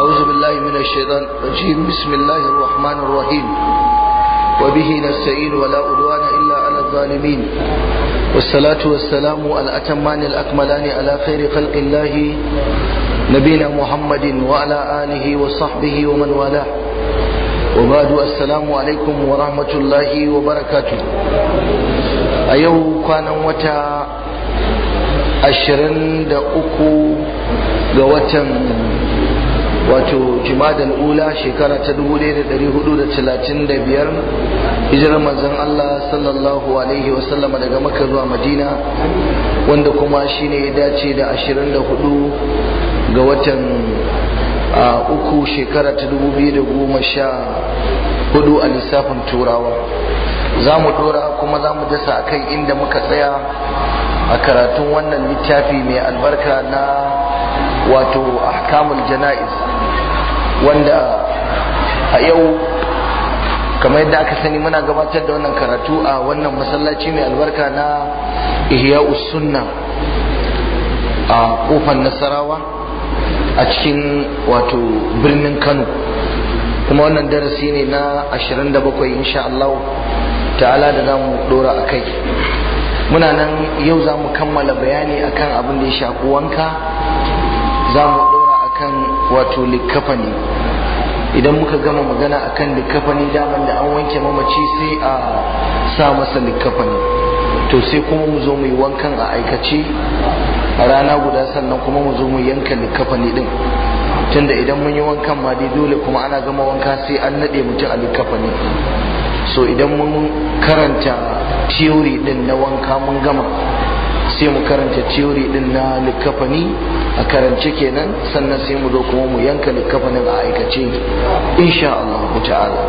أعوذ بالله من الشيطان الرجيم بسم الله الرحمن الرحيم وبه نستعين ولا عدوان إلا على الظالمين والصلاة والسلام الأتمان الأكملان على خير خلق الله نبينا محمد وعلى آله وصحبه ومن والاه وبعد السلام عليكم ورحمة الله وبركاته أيوه كان متى أشرن دا أكو ga watan wato jimadal ula shekara ta 1435 hijirar manzon Allah sallallahu alaihi wasallama daga maka zuwa madina wanda kuma shine ya dace da 24 ga watan uku shekara ta 2014 a lissafin turawa za mu dora kuma za mu dasa a kai inda muka tsaya a karatun wannan littafi mai albarka na wato ahkamul jana'iz wanda a yau kamar yadda aka sani muna gabatar da wannan karatu a wannan masallaci mai albarka na ihya sunna a kofar nasarawa a cikin wato birnin kano kuma wannan darasi ne na 27 insha Allah ta'ala da za mu dora a kai muna nan yau za mu kammala bayani akan abin da ya shafi wanka za mu dora akan wato likafani. idan muka gama magana akan likafani daman da an wanke mamaci sai a sa masa likafani to sai kuma mu zo mu yi wankan a aikace a rana guda sannan kuma mu zo mu yanka likafani din tunda idan mun yi wankan ma dai dole kuma ana gama wanka sai an nade mutum a likafani so idan mun karanta theory din na wanka mun gama sai mu karanta theory din na likafani a karance kenan sannan sai mu zo kuma mu yanka likafanin a aikace insha Allah ta'ala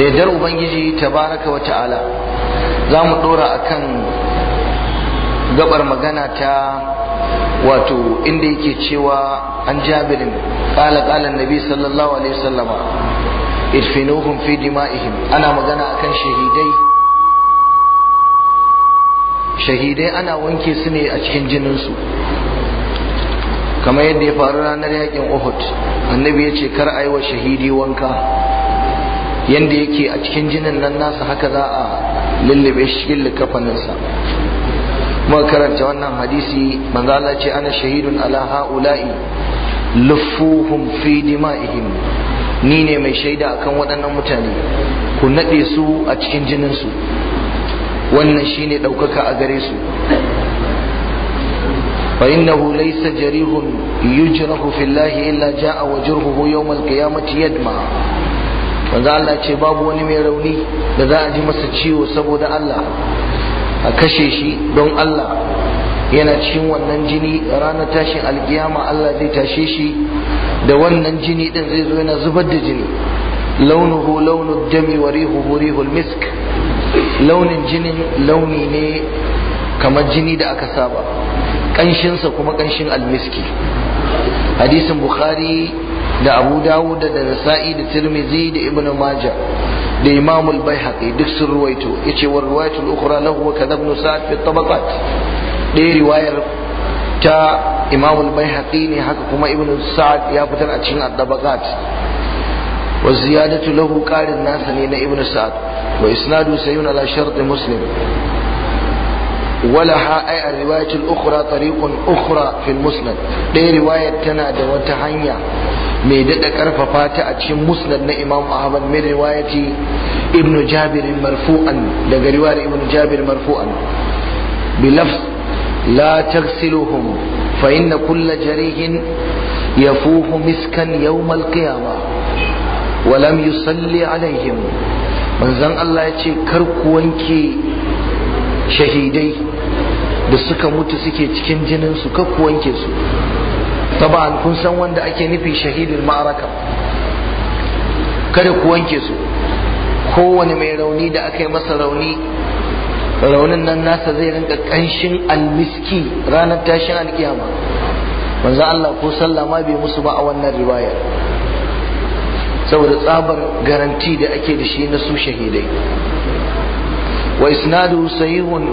da yadda ubangiji tabaraka wa ta'ala za mu dora akan gabar magana ta wato inda yake cewa an jabirin kala kala nabi sallallahu alaihi wasallama idfinuhum fi dima'ihim ana magana akan shahidai shahidai ana wanke su ne a cikin jininsu kamar yadda ya faru ranar yakin uhud annabi ya ce kar a yi wa shahidi wanka yadda yake a cikin jinin nan nasa haka za a lullube shi cikin likafaninsa muka karanta wannan hadisi manzo ce ana shahidun ala haula'i lufuhum fi dima'ihim ni ne mai shaida akan waɗannan mutane ku naɗe su a cikin jininsu wannan shine ɗaukaka a gare su فإنه ليس جريح a wajen الله إلا جاء وجرحه يوم القيامة يدمع wanda Allah ce babu wani mai rauni da za a ji masa ciwo saboda Allah a kashe shi don Allah yana cikin wannan jini ranar tashin alkiyama Allah zai tashe shi da wannan jini din zai zo yana zubar da jini launuhu launu jami'a rihu rihuhu rihul misk launin jinin launi ne kamar jini da aka saba ƙanshinsa kuma ƙanshin almiski hadisin bukhari da abu dawud da nasa'i da tirmizi da ibn majah da imam al-baihaqi duk sun ruwaito yace wa riwayatul ukhra lahu wa kadha ibn sa'd fi tabaqat da riwayar ta imam al-baihaqi ne haka kuma ibn sa'd ya fitar a cikin at-tabaqat wa ziyadatu lahu qarin nasa ne na ibnu sa'ad wa isnadu sayyun ala shart muslim ولها أي الرواية الأخرى طريق أخرى في المسند دي رواية تنا دوات هنيا مي ددك أرفا فاتا أتشم مسند إمام أحمد من رواية ابن جابر مرفوعا دقى رواية ابن جابر مرفوعا بلفظ لا تغسلهم فإن كل جريح يفوه مسكا يوم القيامة walam yusalli alaihim manzon Allah ya ce kar ku wanke shahidai da suka mutu suke cikin jininsu su kar ku wanke su taban kun san wanda ake nufi shahidul ma'araka kada ku wanke su kowane mai rauni da aka yi masa rauni raunin nan nasa zai rinka kanshin almiski ranar tashin alkiyama manzo Allah ko sallah ma bai musu ba a wannan riwayar saboda tsabar garanti da ake da shi na su shahidai wa isnadu sahihun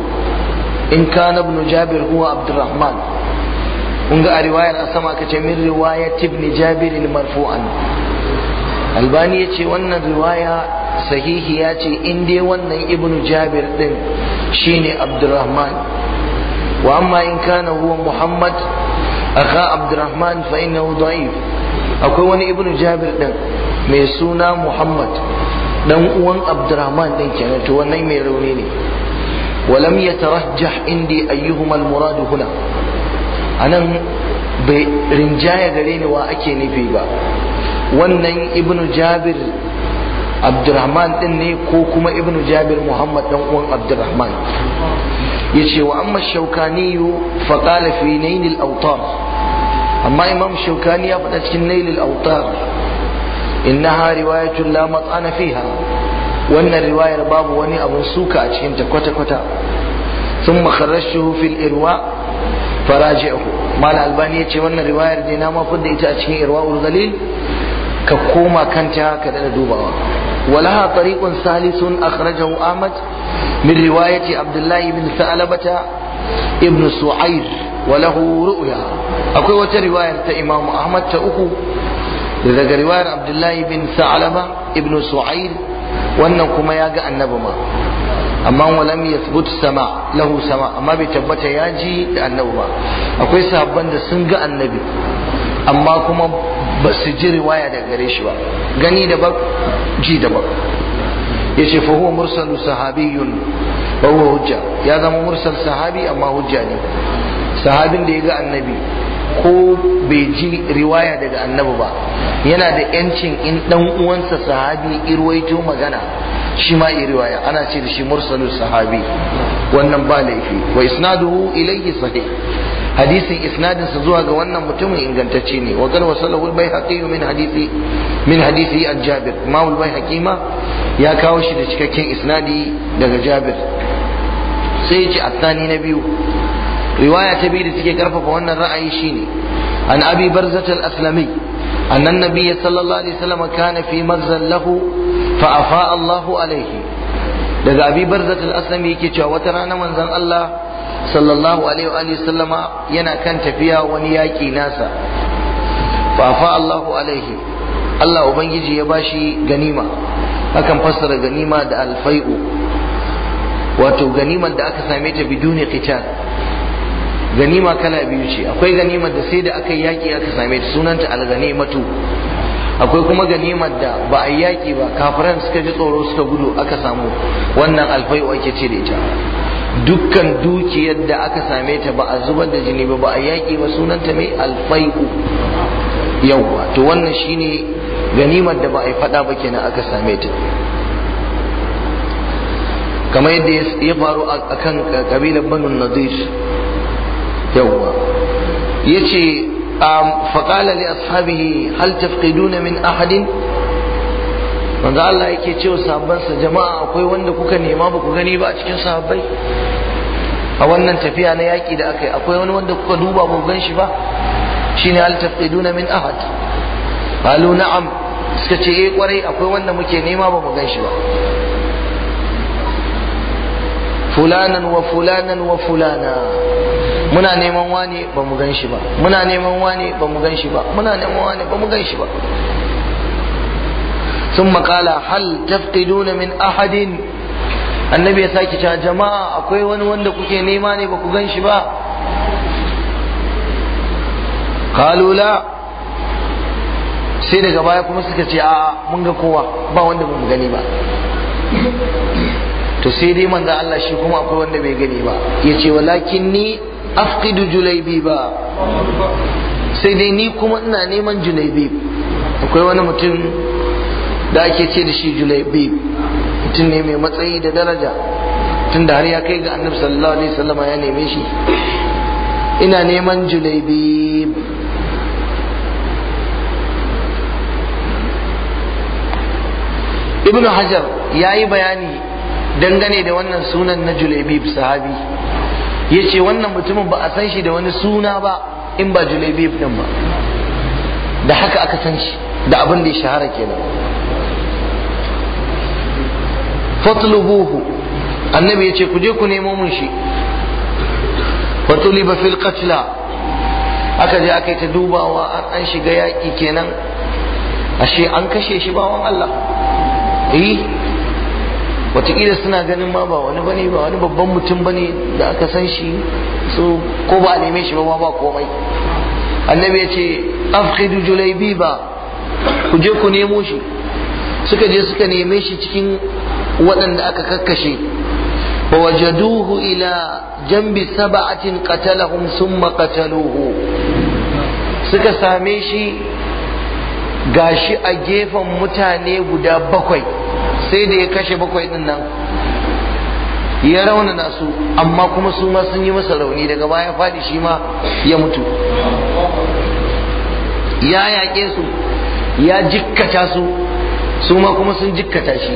in kana ibn jabir huwa abdurrahman kun ga a riwayar a sama aka ce min riwayat ibn jabir marfu'an albani ya ce wannan riwaya sahihi ya ce in dai wannan ibn jabir din shine abdurrahman wa amma in kana huwa muhammad akha abdurrahman fa innahu da'if akwai wani ibn jabir din mai suna muhammad dan uwan abdurrahman din kenan to wannan mai rauni ne walam yatarajjah indi ayyuhuma almuradu huna anan bai rinjaya gare ni wa ake nufi ba wannan ibnu jabir abdurrahman din ne ko kuma ibnu jabir muhammad dan uwan abdurrahman yace wa amma shaukani fa qala fi nailil awtar amma imam shaukani ya faɗa cikin nailil awtar innaha riwayatun la matsana fiha wannan riwayar babu wani abun suka a cikin ta kwata kwata sun makarrashu fil irwa faraji'ahu mal albani yace wannan riwayar ne na mafin da ita a cikin irwa galil ka koma kanta ka dada dubawa ولها طريق ثالث أخرجه أحمد من رواية عبد الله بن ثعلبة ابن سعير وله رؤيا أكو رواية إمام أحمد تأكو daga riwayar abdullahi bin Sa'alama ibn su'ail wannan kuma ya ga annabi ma amma walam yathbut sama lahu sama amma bai tabbata ya ji da annabi ba akwai sahabban da sun ga annabi amma kuma ba su ji riwaya daga gare shi ba gani ba ji Ya ce fa huwa mursalu sahabiyun wa huwa hujja ya zama mursal sahabi amma hujja ne sahabin da ya ga annabi ko bai ji riwaya daga annabi ba yana da yancin in dan uwansa sahabi irwaito magana shi ma yi riwaya ana ce da shi mursalu sahabi wannan ba laifi wa isnaduhu ilayhi sahih hadisin isnadinsa zuwa ga wannan mutumin ingantacce ne wa galwa salahul bai min hadisi min hadisi a jabir mawul bai hakima ya kawo shi da cikakken isnadi daga jabir sai ya ce na biyu riwaya ta biyu da take karfafa wannan ra'ayi shine an abi barzat al-aslami أن النبي صلى الله عليه وسلم كان في مرزل له فأفاء الله عليه daga abi barzat al-aslam yake cewa wata rana manzon Allah sallallahu alaihi wa alihi sallama yana kan tafiya wani yaki nasa fa fa Allahu alaihi Allah ubangiji ya bashi ganima akan fassara ganima da alfai'u wato ganimar da aka same ta biduni qital ganima kala biyu ce akwai ganimar da sai da aka yi yaƙi aka same ta sunanta alganimatu akwai kuma ganimar da ba a yaki ba kafiran suka ji tsoro suka gudu aka samu wannan alfai'u ake ce da ita dukkan dukiyar da aka same ta ba a zubar da jini ba ba a yaƙi ba sunanta mai alfai'u yawwa to wannan shine ganimar da ba a yi faɗa ba kenan aka same ta kamar yadda ya faru a kan ƙabilar banu nadir yawwa yace faqala li ashabihi hal tafqiduna min ahadin manzo Allah yake cewa sahabban sa jama'a akwai wanda kuka nema ba ku gani ba a cikin sahabbai a wannan tafiya na yaki da aka yi akwai wani wanda kuka duba ba ku gan shi ba shine hal tafqiduna min ahad qalu na'am suka ce eh kwarai akwai wanda muke nema ba mu gan shi ba fulanan wa fulanan wa fulana muna neman wani ba mu gan shi ba muna neman wani ba mu gan shi ba muna neman wani ba mu gan shi ba sun makala hal taftiduna min ahadin annabi ya sake cewa jama'a akwai wani wanda kuke nema ne ba ku gan shi ba kalula sai daga baya kuma suka ce a mun ga kowa ba wanda ba mu gani ba to sai dai manzo Allah shi kuma akwai wanda bai gani ba yace walakin ni afqidu ba sai dai ni kuma ina neman Julaibi akwai wani mutum da ake ce da shi Julaibi mutum ne mai matsayi da daraja tun da har ya kai ga annabi sallallahu alaihi wasallama ya neme shi ina neman Julaibi ibnu hajar ya yi bayani dangane da wannan sunan na Julaibi sahabi ya ce wannan mutumin ba a san shi da wani suna ba in ba julebib din ba da haka aka san shi da abin da ya shahara kenan fatlubuhu annabi ya ce ku je ku nemo mun shi fatuliba fil qatla aka je aka yi ta dubawa an shiga yaƙi kenan ashe an kashe shi bawan Allah eh watakila suna ganin ma ba wani bane ba wani babban mutum bane da aka san shi so ko ba a neme shi ba ba komai annabi ya ce afqidu julaibi ba ku je ku nemo shi suka je suka neme shi cikin waɗanda aka kakkashe ba wajaduhu ila jambi saba'atin qatalahum summa qataluhu suka same shi gashi a gefen mutane guda bakwai sai da ya kashe bakwai din nan ya raunana su amma kuma su ma sun yi masa rauni daga baya faɗi shi ma ya mutu ya yaƙe su ya jikkata su su ma kuma sun jikkata shi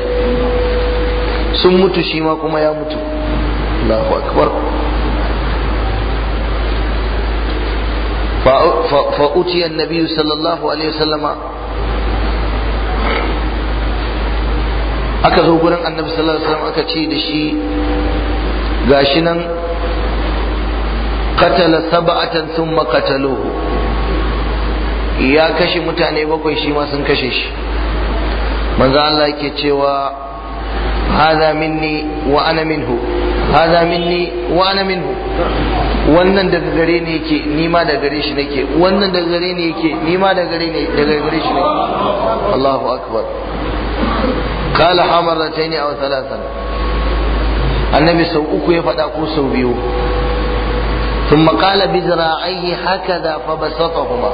sun mutu shi ma kuma ya mutu Allahu akbar fa utiya annabi sallallahu alaihi wasallama aka zo gurin annabi sallallahu alaihi wasallam aka ce da shi gashi nan katala sab'atan thumma qataluhu ya kashe mutane bakwai shi ma sun kashe shi manzo Allah yake cewa hadha minni wa ana minhu hadha minni wa ana minhu wannan daga gare ne yake ni ma daga gare shi nake wannan daga gare ne yake ni ma daga gare ne daga gare shi nake Allahu akbar kala hamarrataini aw thalathan annabi sau uku ya faɗa ko sau biyu ثم قال بذراعيه هكذا فبسطهما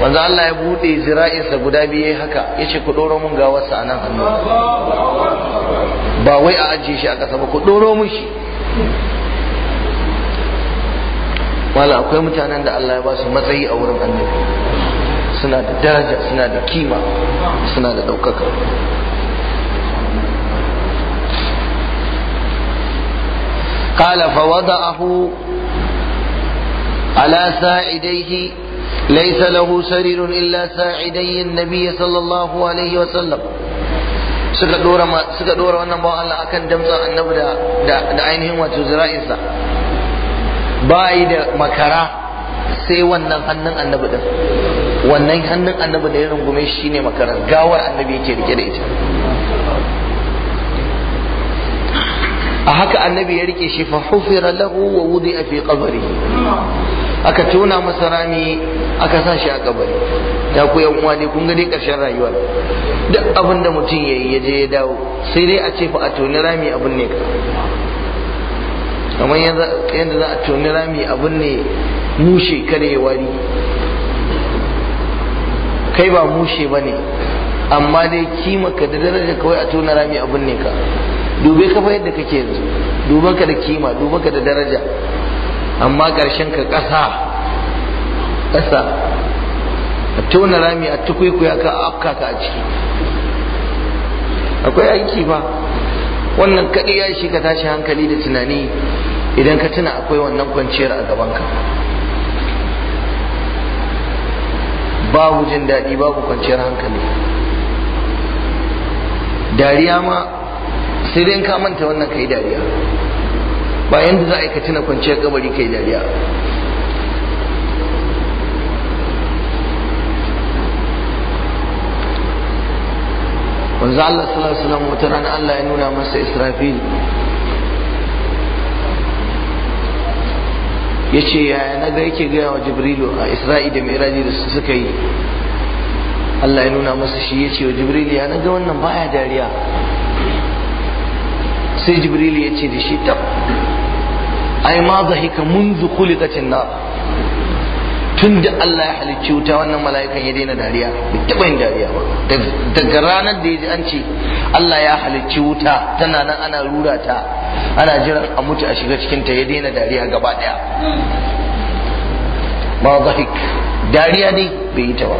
manzo Allah ya buɗe zira'insa guda biyu haka yace ku doro mun gawarsa a nan hannu ba wai a ajiye shi a ƙasa ba ku doro shi wala akwai mutanen da Allah ya ba su matsayi a wurin annabi suna da daraja suna da kima suna da ɗaukaka قال فوضعه على ساعديه ليس له سرير إلا ساعدي النبي صلى الله عليه وسلم suka dora suka dora wannan bawan Allah akan damsa annabi da da ainihin wato zira'insa ba yi da makara sai wannan hannun annabi din wannan hannun annabi da ya rungume shi ne makara gawar annabi yake rike da ita a haka annabi ya rike shi fa hufira lahu wa wudi fi qabri aka tona masa rami aka sa shi a kabari ta ku yan uwa ne kun ga dai karshen rayuwar duk abin da mutum yayi ya je ya dawo sai dai a ce fa a toni rami abin ne ka kamar yadda za a toni rami abin ne mushe kare wari kai ba mushe ba ne amma dai kima ka da daraja kawai a tona rami abin ne ka dube ka fa yadda kake yanzu duban ka da kima duban ka da daraja amma ƙarshen ka ƙasa ƙasa a tona rami a tukwikuya ka afka ka a ciki akwai aiki ba wannan kaɗi ya shi ka tashi hankali da tunani idan ka tuna akwai wannan kwanciyar a gabanka babu jin daɗi babu kwanciyar hankali dariya ma sai dai ka manta wannan kai dariya ba yanda za a yi ka kwanciya kwanciyar kabari kai dariya wanzu Allah sallallahu alaihi wasallam wata rana Allah ya nuna masa Israfil ya ce yaya na ga yake gaya wa Jibrilu a Isra'i da Mi'raji da suka yi Allah ya nuna masa shi ya ce wa Jibrilu ya na ga wannan baya dariya sai jibril ya ce da shi tab ai ma zahika munzu khuliqatin nar tun da Allah ya halicci wuta wannan mala'ikan ya daina dariya bai taɓa yin dariya ba daga ranar da ya ji an ce Allah ya halicci wuta tana nan ana rura ta ana jiran a mutu a shiga cikin ta ya daina dariya gaba daya ma zahik dariya dai bai yi ta ba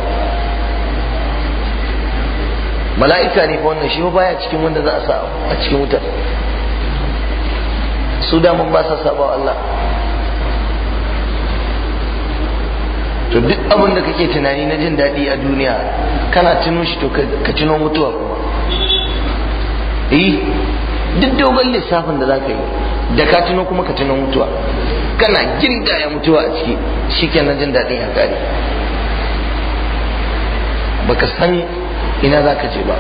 mala'ika ne fa wannan shi ba baya cikin wanda za a sa a cikin wutar su da mun ba sa saba Allah to duk abin da kake tunani na jin daɗi a duniya kana tuno shi to ka tuno mutuwa kuma eh duk dogon lissafin da zaka yi da ka tuno kuma ka tuno mutuwa kana jin ya mutuwa a ciki shikenan jin daɗin ya kare baka san ina zaka je ba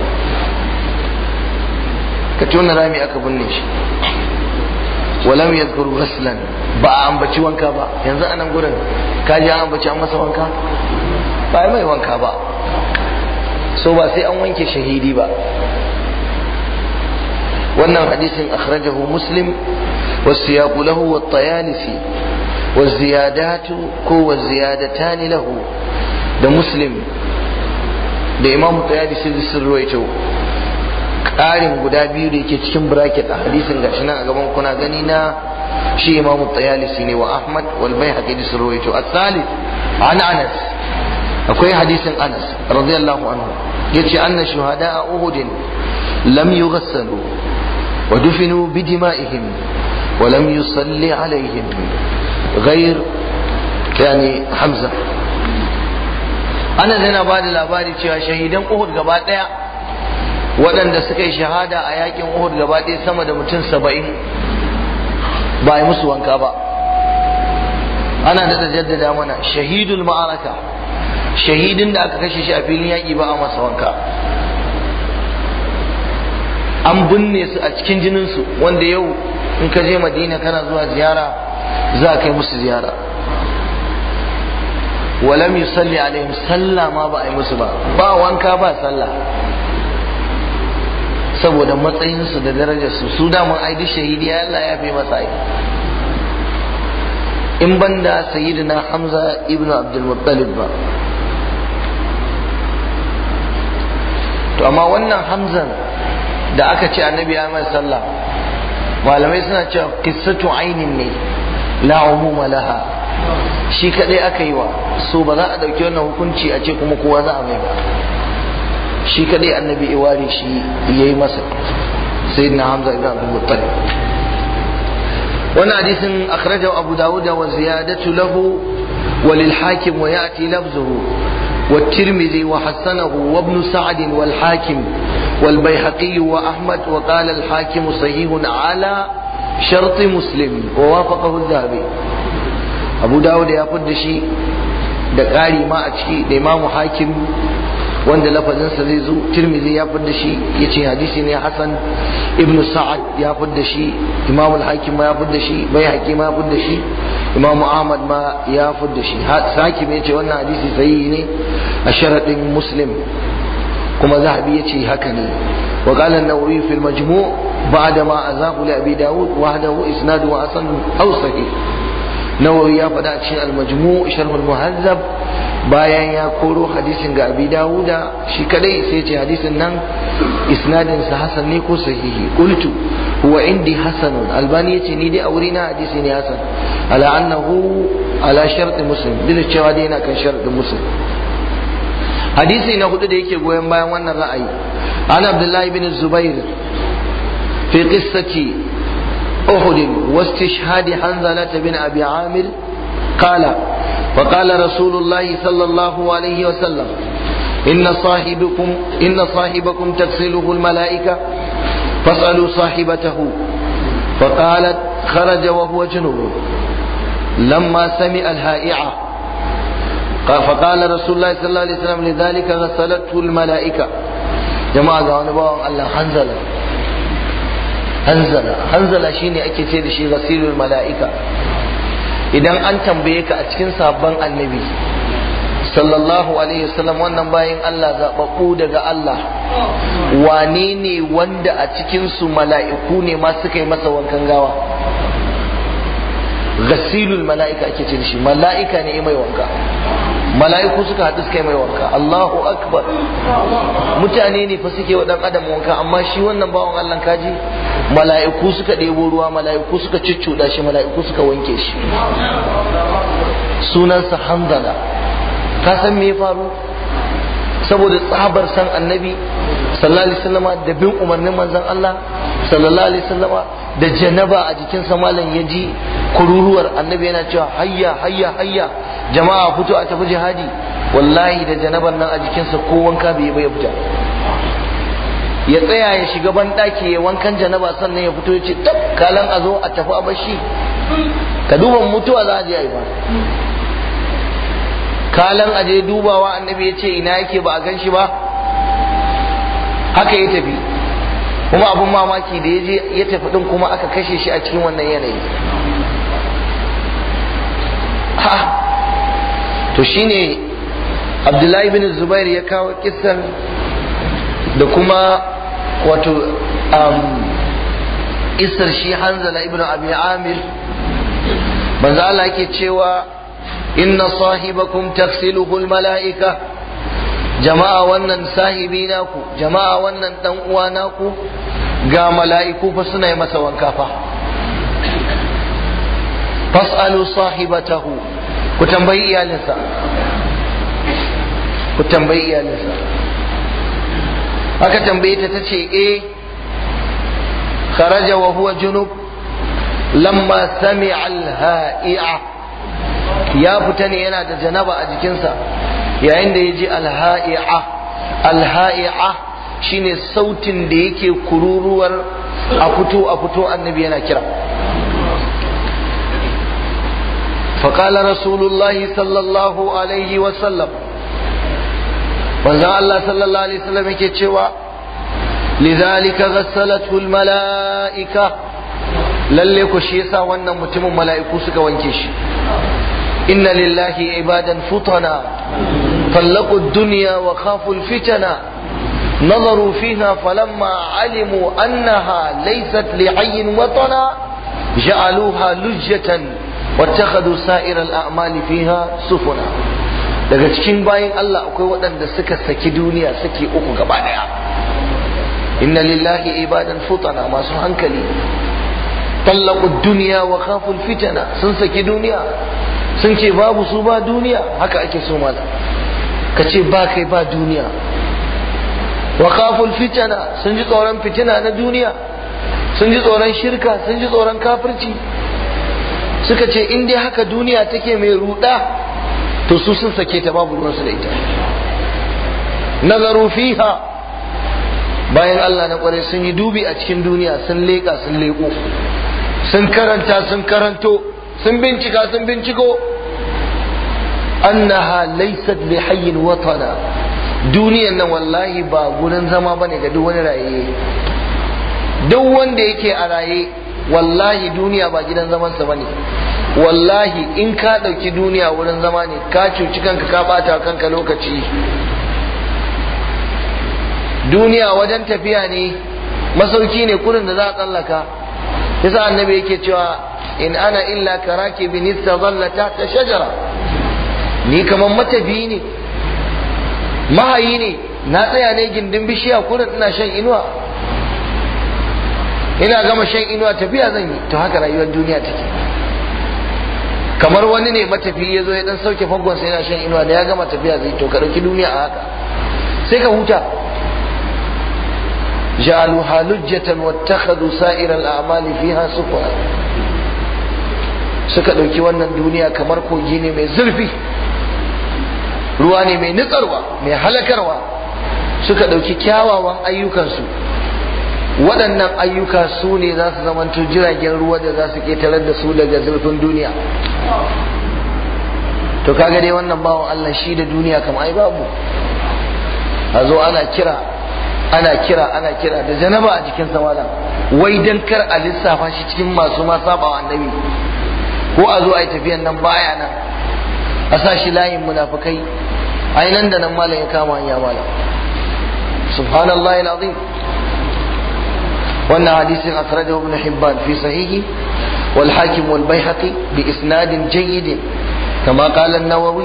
ka tona rami aka binne shi walam yadhkuru ghaslan ba a ambaci wanka ba yanzu a gurin ka ji ambaci an masa wanka ba mai wanka ba so ba sai an wanke shahidi ba wannan hadisin akhrajahu muslim والسياق له والطيالسي والزيادات كو والزيادتان له ده مسلم da imam qiyadi sun ruwaito ƙarin guda biyu da yake cikin bracket a hadisin gashi nan a gaban kuna gani na shi imamu tayalisi ne wa ahmad wal bayhaqi da surwaito A salis an anas akwai hadisin anas radiyallahu anhu ya ce anna shuhada a uhudin lam yughassalu wa dufinu bi dima'ihim wa lam yusalli alaihim ghayr yani hamza anas yana bada labari cewa shahidan uhud gaba ɗaya. waɗanda suka yi shahada a yakin uhud gaba ɗaya sama da mutum saba'in ba a yi musu wanka ba ana da jaddada mana shahidul ma'araka shahidin da aka kashe shi a filin yaƙi ba a masa wanka an binne su a cikin jininsu wanda yau in ka je madina kana zuwa ziyara za a kai musu ziyara walam yusalli alaihim sallah ma ba a yi musu ba ba wanka ba sallah saboda matsayinsu da darajarsu su damun ai duk shahidi Allah ya fi masa in banda sayyidina hamza ibn abdulmuttalib ba to amma wannan hamzan da aka ce annabi ya mai sallah malamai suna cewa qissatu ainin ne la umuma laha shi kadai aka yi wa so ba za a dauki wannan hukunci a ce kuma kowa za a mai ba shi kadai annabi ya ware shi ya yi masa sai na hamza ibn abu mutal wani hadisin akhrajahu abu dawud wa ziyadatu lahu wa lil hakim wa yati lafzuhu wa tirmidhi wa hasanahu wa ibn sa'd wal hakim wa ahmad wa qala al hakim sahihun ala sharti muslim wa wafaqahu dhahabi abu dawud ya fudda shi da qari ma a ciki da imamu hakim wanda lafazinsa zai zo tirmizi ya fidda shi ya ce hadisi ne hasan ibn sa'ad ya fidda shi imam al-hakim ma ya fidda shi bai hakim ma ya fidda shi imam ahmad ma ya fidda shi hakim ya ce wannan hadisi sahihi ne a sharaɗin muslim kuma zahabi ya ce haka ne wa qala an-nawawi fi al-majmu' ba'da ma azahu li abi daud wa hadahu isnadu wa hasan aw sahih nawawi ya faɗa a cikin almajmu majmu sharh muhazzab bayan ya koro hadisin ga abi dawuda shi kadai sai ce hadisin nan isnadin sa hasan ne ko sahihi qultu huwa indi hasanun albani yace ni dai a wuri na hadisi ne hasan ala annahu ala sharti muslim bin cewa dai yana kan sharti muslim hadisi na hudu da yake goyon bayan wannan ra'ayi an abdullahi bin zubair fi qissati أحد واستشهاد حنظلة بن أبي عامر قال وقال رسول الله صلى الله عليه وسلم إن صاحبكم إن صاحبكم تغسله الملائكة فاسألوا صاحبته فقالت خرج وهو جنوب لما سمع الهائعة فقال رسول الله صلى الله عليه وسلم لذلك غسلته الملائكة جماعة الله حنزلة hanzala hanzala shine ake ce da shi ghasilul mala'ika idan an tambaye ka a cikin sabon annabi sallallahu alaihi wasallam wannan bayan Allah zaɓaɓɓu daga Allah wane ne wanda a cikinsu mala'iku ne ma suka yi masa wankan gawa ghasilul mala'ika ake ce da shi mala'ika ne mai wanka mala'iku suka haɗu suka yi mai wanka Allahu akbar mutane ne fa suke wa adam wanka amma shi wannan bawan Allah kaji mala'iku suka ɗebo ruwa mala'iku suka cuccuɗa shi mala'iku suka wanke shi sunansa hanzala ka san me ya faru saboda tsabar san annabi sallallahu alaihi wasallama da bin umarnin manzon Allah sallallahu alaihi wasallama da janaba a jikinsa malam ya ji kururuwar annabi yana cewa hayya hayya hayya jama'a fito a tafi jihadi wallahi da janaban nan a jikinsa ko wanka bai bai fita ya tsaya ya shiga ban ɗaki ya wankan janaba sannan ya fito ya ce tab kalan a zo a tafi a bashi ka duba mutuwa za a je a yi ba kalan a je dubawa annabi ya ce ina yake ba a gan shi ba haka ya tafi kuma abun mamaki da ya je ya tafi din kuma aka kashe shi a cikin wannan yanayi ha to shine abdullahi bin zubair ya kawo kisan da kuma wato um, isar shi hanzala ibn abi amir manzo Allah yake cewa inna sahibakum tafsiluhu al mala'ika jama'a wannan sahibi naku jama'a wannan dan uwa naku ga mala'iku fa suna yi masa wanka fa fas'alu sahibatahu ku tambayi iyalinsa ku tambayi iyalinsa aka tambaye ta tace eh kharaja wa huwa junub lamma sami'a al ya fita ne yana da janaba a jikinsa yayin da ya ji alha'i'a alha'i'a shine sautin da yake kururuwar a fito a fito annabi yana kira فقال رسول الله صلى الله عليه وسلم وزع الله صلى الله عليه لذلك غسلته الملائكة lalle ku shi yasa wannan mutumin mala'iku suka wanke shi inna lillahi ibadan futana فلقوا الدنيا وخافوا الفتنة نظروا فيها فلما علموا أنها ليست لحي وطنا جعلوها لجة واتخذوا سائر الأعمال فيها سفنا daga cikin bayan Allah akwai waɗanda suka saki duniya suke uku gaba ɗaya inna lillahi ibadan futana masu hankali tallaqu duniya wa khafu fitana sun saki duniya sun ce babu su ba duniya haka ake so malam ka ce ba kai ba duniya wa kaful fitana sun ji tsoron fitina na duniya sun ji tsoron shirka sun ji tsoron kafirci suka ce in dai haka duniya take mai ruɗa to su sun sake ta babu ruwansu da ita nazaru fiha bayan Allah na kware sun yi dubi a cikin duniya sun leƙa sun leƙo sun karanta sun karanto sun bincika sun binciko annaha laysat bi hayyin watana duniyan nan wallahi ba gurin zama bane ga duk wani raye duk wanda yake a raye wallahi duniya ba gidan zamansa bane wallahi in ka ɗauki duniya wurin zama ne ka cuci kanka ka ɓata kanka lokaci duniya wajen tafiya ne masauki ne kurin da za a tsallaka yasa annabi yake cewa in ana illa karaki bin istazalla ta shajara ni kamar matabi ne mahayi ne na tsaya ne gindin bishiya kuna ina shan inuwa ina gama shan inuwa tafiya zan yi to haka rayuwar duniya take kamar wani ne matafi ya zo ya dan sauke fagonsa yana shan inuwa da ya gama tafiya zai to ka ɗauki duniya a haka sai ka huta wa لجة واتخذوا سائر a'mali fiha سفها suka ɗauki wannan duniya kamar kogi ne mai zurfi ruwa ne mai nutsarwa mai halakarwa suka ɗauki kyawawan ayyukansu waɗannan ayyuka su ne za su zamanto jiragen ruwa da za su ƙetarar da su daga zurfin duniya to kaga dai wannan bawan Allah shi da duniya kam ai babu a zo ana kira ana kira ana kira da janaba a jikin samala wai dan kar a lissafa shi cikin masu ma saba annabi ko a zo a yi tafiyan nan baya nan a sa shi layin munafukai ai nan da nan malam ya kama hanya malam subhanallahi alazim wannan hadisin akhrajahu ibn hibban fi sahihi wal hakim wal baihaqi bi isnadin jayyid kama qala an-nawawi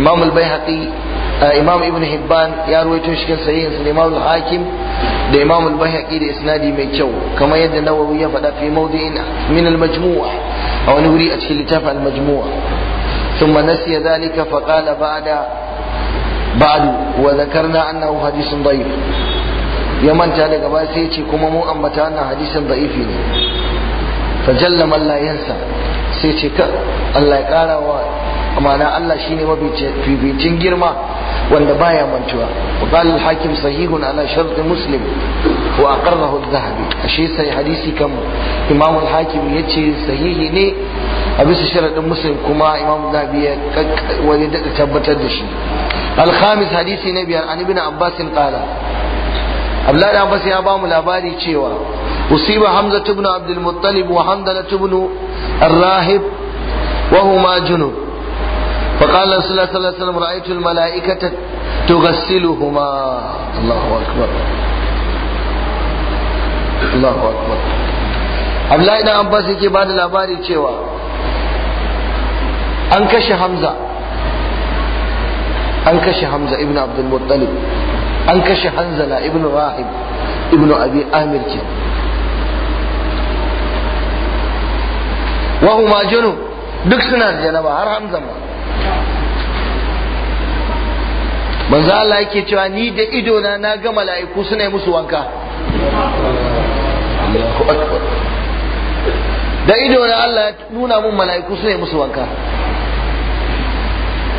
imam al baihaqi eh, imam ibn hibban ya ruwaito shi kan sahihin sa imam al hakim da imam al baihaqi da isnadi mai kyau kamar yadda nawawi ya faɗa fi mawdi'in min al majmu'a a wani wuri a cikin littafin al majmu'a ثم نسي ذلك فقال بعد بعد وذكرنا أنه حديث ضعيف ya manta daga ba sai ce kuma mu ambata wannan hadisin da'ifi ne fa jalla man la yansa ce ka ya kara wa amana Allah shine mafificin girma wanda baya mantuwa wa qala al-hakim sahihun ala shart muslim wa aqarrahu adh-dhahabi ashe sai hadisi kam imam al-hakim yace sahihi ne a bisa sharadin muslim kuma imam adh-dhahabi ya wani da tabbatar da shi al-khamis hadisi na biyar an ibn abbas qala Abdullahi Abbas ya ba mu labari cewa usiba Hamza ibn Abdul Muttalib wa Hamdala ibn Ar-Rahib wa huma junub فقال رسول الله صلى الله عليه وسلم رأيت الملائكة تغسلهما الله أكبر الله أكبر Abdullahi dan Abbas yake bada labari cewa an kashe Hamza an kashe Hamza ibn Abdul Muttalib an kashe Hanzala ibn Rahib ibn Abi Amir ke wa huma junub duk suna da janaba har Hamza ma manzo Allah yake cewa ni da ido na na ga mala'iku suna yi musu wanka Allahu da ido na Allah nuna mun mala'iku suna yi musu wanka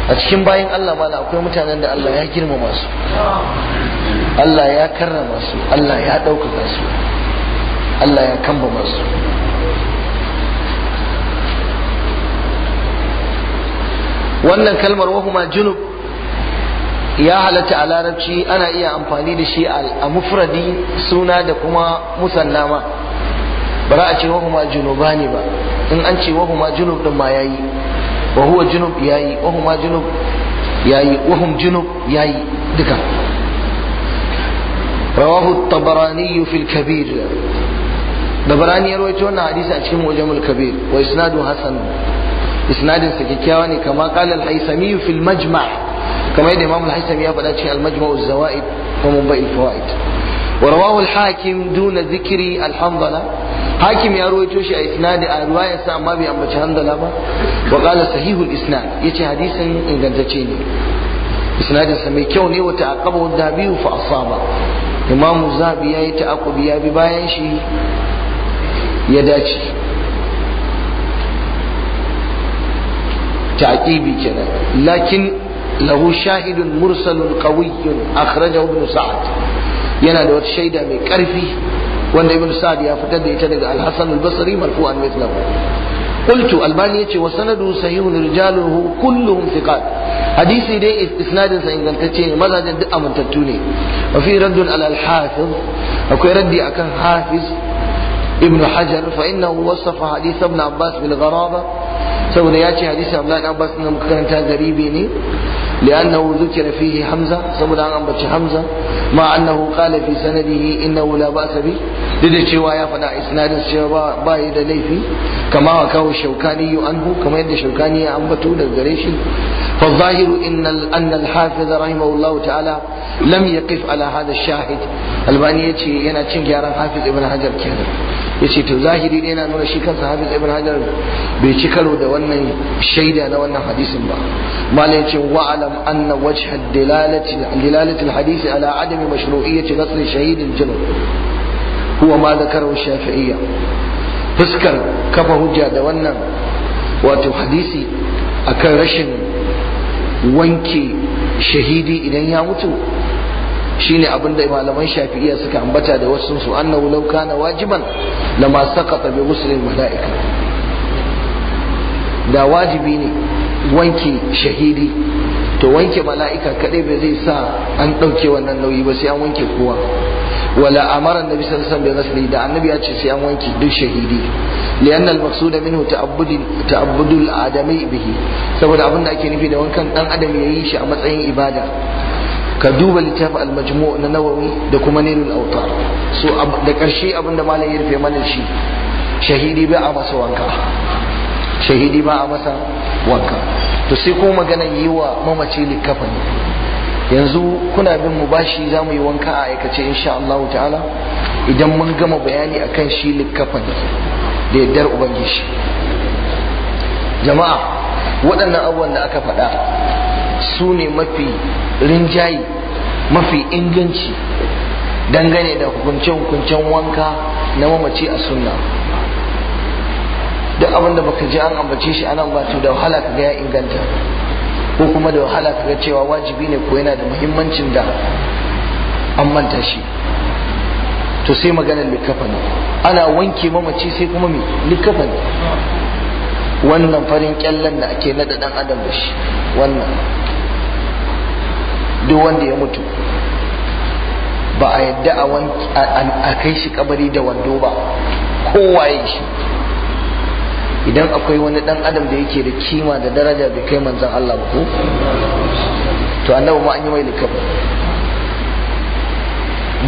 a cikin bayin Allah mala akwai mutanen da Allah ya girmama su Allah ya karrama su Allah ya ɗaukaka su Allah ya kambama su wannan kalmar wahuma junub ya halatta a larabci ana iya amfani da shi a mufradi suna da kuma musannama ba za a ce wahuma junuba ne ba in an ce wahuma junub din ma yayi wa huwa junub yayi wahuma junub yayi wahum junub yayi duka rawahu tabarani fi fil kabir barani ya rawaito wannan hadisi a cikin wajen kabir wa isnadu hasan isnadin sa kyakkyawa ne kama qala al-haisami fi al-majma' kama yadda imam al-haisami ya faɗa cikin al-majma' az-zawaid wa mumbai al-fawaid wa rawahu al-hakim duna zikiri al-hamdala hakim ya ruwaito shi a isnadi a riwayar sa amma bai ambaci hamdala ba wa qala sahihul isnad yace hadisin ingantacce ne isnadin sa mai kyau ne wata ta'aqabahu ad dabi'u fa asaba imamu zabi yayi ta'aqubi ya bi bayan shi ya dace تعقيبي كده لكن له شاهد مرسل قوي أخرجه ابن سعد yana da wata shaida mai karfi wanda ibn sa'd ya fitar da ita daga al-hasan al-basri marfu'an mithlahu kultu albani yace wa sanadu sahihun rijaluhu kulluhum thiqat hadisi dai isnadin sa ingantacce ne mazajin duk amintattu ne wa fi raddun ala al-hafiz akwai raddi akan hafiz ibnu hajar fa innahu wasafa hadith ibn abbas bil gharaba saboda ya ce hadisi Abdullahi dan Abbas nan karanta garibi ne لأنه ذكر فيه حمزة سبب أن أنبت حمزة مع أنه قال في سنده إنه لا بأس به لذلك شوايا فلا إسناد الشواء بايد ليفي كما وكاه الشوكاني عنه كما يد الشوكاني أنبته للقريشي فالظاهر إن أن الحافظ رحمه الله تعالى لم يقف على هذا الشاهد الباني يتشي ينا تشنجارا حافظ ابن حجر كهذا ya ce to zahiri ne yana nuna shi kansa hafiz ibn hajar bai ci karo da wannan shaida na wannan hadisin ba malai ce wa alam anna wajha dilalati alhadisi ala adami mashru'iyyati shahidin junub huwa ma dhakara shafi'iyya fuskar kafa hujja da wannan wato hadisi akan rashin wanke shahidi idan ya mutu shine abin da malaman shafi'iyya suka ambata da wasu su annahu law kana wajiban lama saqata bi ghusl malaika da wajibi ne wanke shahidi to wanke mala'ika kadai bai zai sa an ɗauke wannan nauyi ba sai an wanke kowa wala amara annabi sallallahu alaihi wasallam da annabi ya ce sai an wanke duk shahidi lianna al-maqsud minhu ta'abbud adami bihi saboda abin da ake nufi da wankan dan adam yi shi a matsayin ibada ka duba littafin almajmu' na nawawi da kuma nailul autar so da karshe abinda malam ya rufe mana shi shahidi ba a masa wanka shahidi ba a masa wanka to sai kuma magana yi wa mamaci likafani yanzu kuna bin mu bashi za mu yi wanka a aikace insha Allah ta'ala idan mun gama bayani akan shi likafin da yaddar ubangiji jama'a waɗannan abubuwan da aka faɗa su ne mafi rinjayi mafi inganci dangane da hukunce-hukuncen wanka na mamaci a sunna duk abinda baka ji an ambace shi ana ba to da wahala kaga ya inganta ko kuma da wahala kaga cewa wajibi ne ko yana da muhimmancin da an manta shi to sai maganar likafani ana wanke mamaci sai kuma mai likafani wannan farin kyallan da ake nada dan adam da shi wannan duk wanda ya mutu ba a yadda a kai shi kabari da wando ba kowaye shi idan akwai wani dan adam da yake da kima da daraja bai kai manzan Allah ku ko to annabi ma an yi mai likafin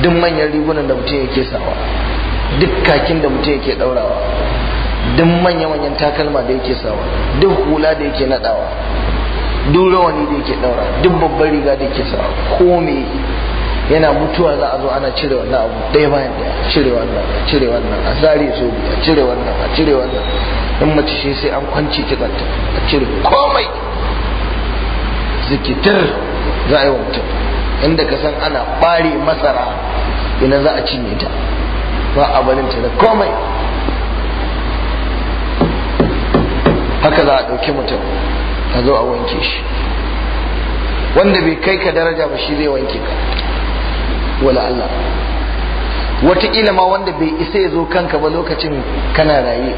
duk manyan rigunan da mutum yake sawa duk kakin da mutum yake daurawa duk manya-manyan takalma da yake sawa duk hula da yake nadawa duk wani da yake daura duk babbar riga da yake sa kome yana mutuwa za a zo ana cire wannan abu ɗaya bayan ɗaya cire wannan cire wannan a zare so a cire wannan a cire wannan in mace shi sai an kwanci kitanta a cire komai zikitar za a yi wa mutum inda ka san ana ɓare masara ina za a cinye ta ba a barinta da komai haka za a ɗauki mutum ka zo a wanke shi wanda bai kai ka daraja ba shi zai wanke ka wala Allah wataƙila ma wanda bai isa ya zo kanka ba lokacin kana raye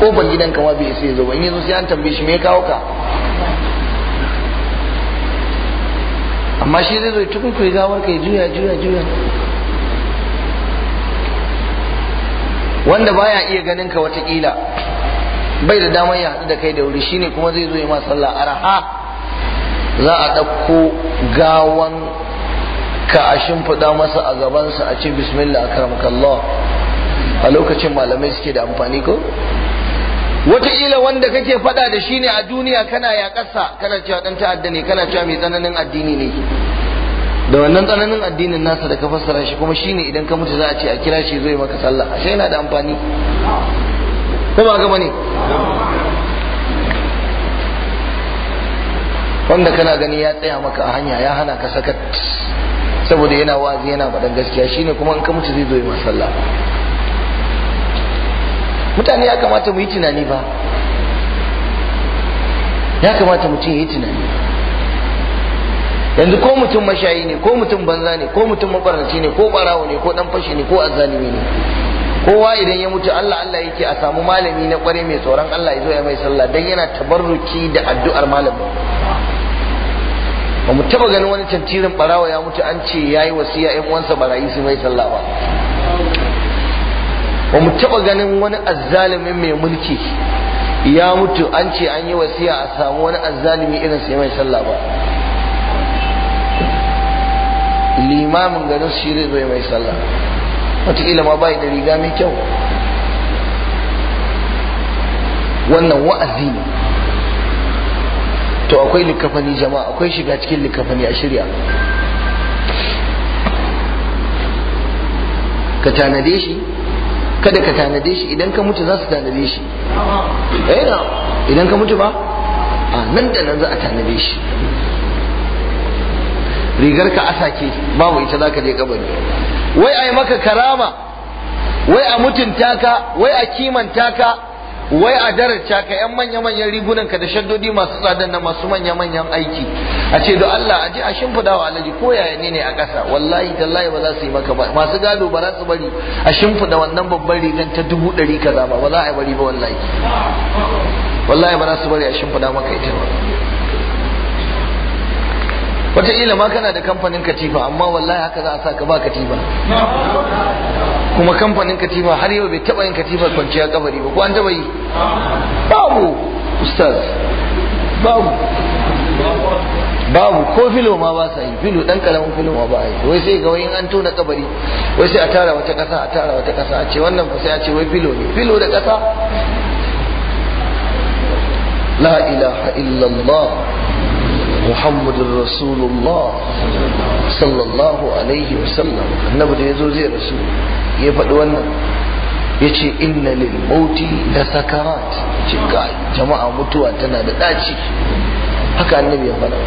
ko ban gidanka ma bai isa ya zo ba in yanzu sai an tambaye shi me ya kawo ka amma shi zai zo tukun ku gawar ka juya juya juya wanda baya iya ganin ka watakila bai da damar ya haɗu da kai da wuri shine kuma zai zo yi ma sallah araha za a ɗauko gawan ka a shimfiɗa masa a gabansa a ce bismillah akramakallah a lokacin malamai suke da amfani ko wataƙila wanda kake faɗa da shi ne a duniya kana ya ƙasa kana cewa dan ta'adda ne kana cewa mai tsananin addini ne da wannan tsananin addinin nasa da ka fassara shi kuma shine idan ka mutu za a ce a kira shi zai maka sallah ashe yana da amfani ko ba gaba ne wanda kana gani ya tsaya maka a hanya ya hana ka sakat saboda yana wazi yana faɗan gaskiya shine kuma in ka mutu zai zo yi masalla mutane ya kamata mu yi tunani ba ya kamata mutum ya yi tunani yanzu ko mutum mashayi ne ko mutum banza ne ko mutum mabarnaci ne ko barawo ne ko dan fashi ne ko azzalimi ne kowa idan ya mutu Allah Allah yake a samu malami na kware mai tsoron Allah ya zo ya mai sallah dan yana tabarruki da addu'ar malamin ba mu taba ganin wani tantirin barawa ya mutu an ce yayi wasiya ɗan uwansa barayi su mai sallah ba ba mu taba ganin wani azzalimin mai mulki ya mutu an ce an yi wasiya a samu wani azzalimi irin sai mai sallah ba limamin garin shi zai mai sallah wataƙila ma bai da riga mai kyau wannan wa'azi ne to akwai likafani jama'a akwai shiga cikin likafani a shirya ka tanade shi kada ka tanade shi idan ka mutu za su tanade shi eh, na. idan ka mutu ba a nan da nan za a tanade shi rigar ka asa ke babu ita za ka je kabari wai a yi maka karama wai a mutunta ka wai a kimanta ka wai a daraja ka yan manya-manyan rigunanka da shaddodi masu tsadan da masu manya-manyan aiki a ce don Allah a je a shimfiɗa wa alaji ko yaya ne ne a ƙasa wallahi tallahi ba za su yi maka ba masu gado ba za su bari a shimfiɗa wannan babban rigan ta dubu ɗari kaza ba ba za a yi bari ba wallahi wallahi ba za su bari a shimfiɗa maka ita ba wataƙila ma kana da kamfanin katifa amma wallahi haka za a sa ka ba katifa kuma kamfanin katifa har yau bai taɓa yin katifa kwanciya kabari ba ko an taɓa yi babu ustaz babu babu ko filo ma ba sa yi filo dan karamin filo ma ba yi wai sai ga wayin an tona kabari wai sai a tara wata kasa a tara wata kasa a ce wannan sai a ce wai filo ne filo da kasa la ilaha illallah محمد رسول الله صلى الله عليه وسلم annabi da yazo zai rasu ya faɗi wannan yace inna lil mauti da sakarat jama'a mutuwa tana da daci haka annabi ya faɗa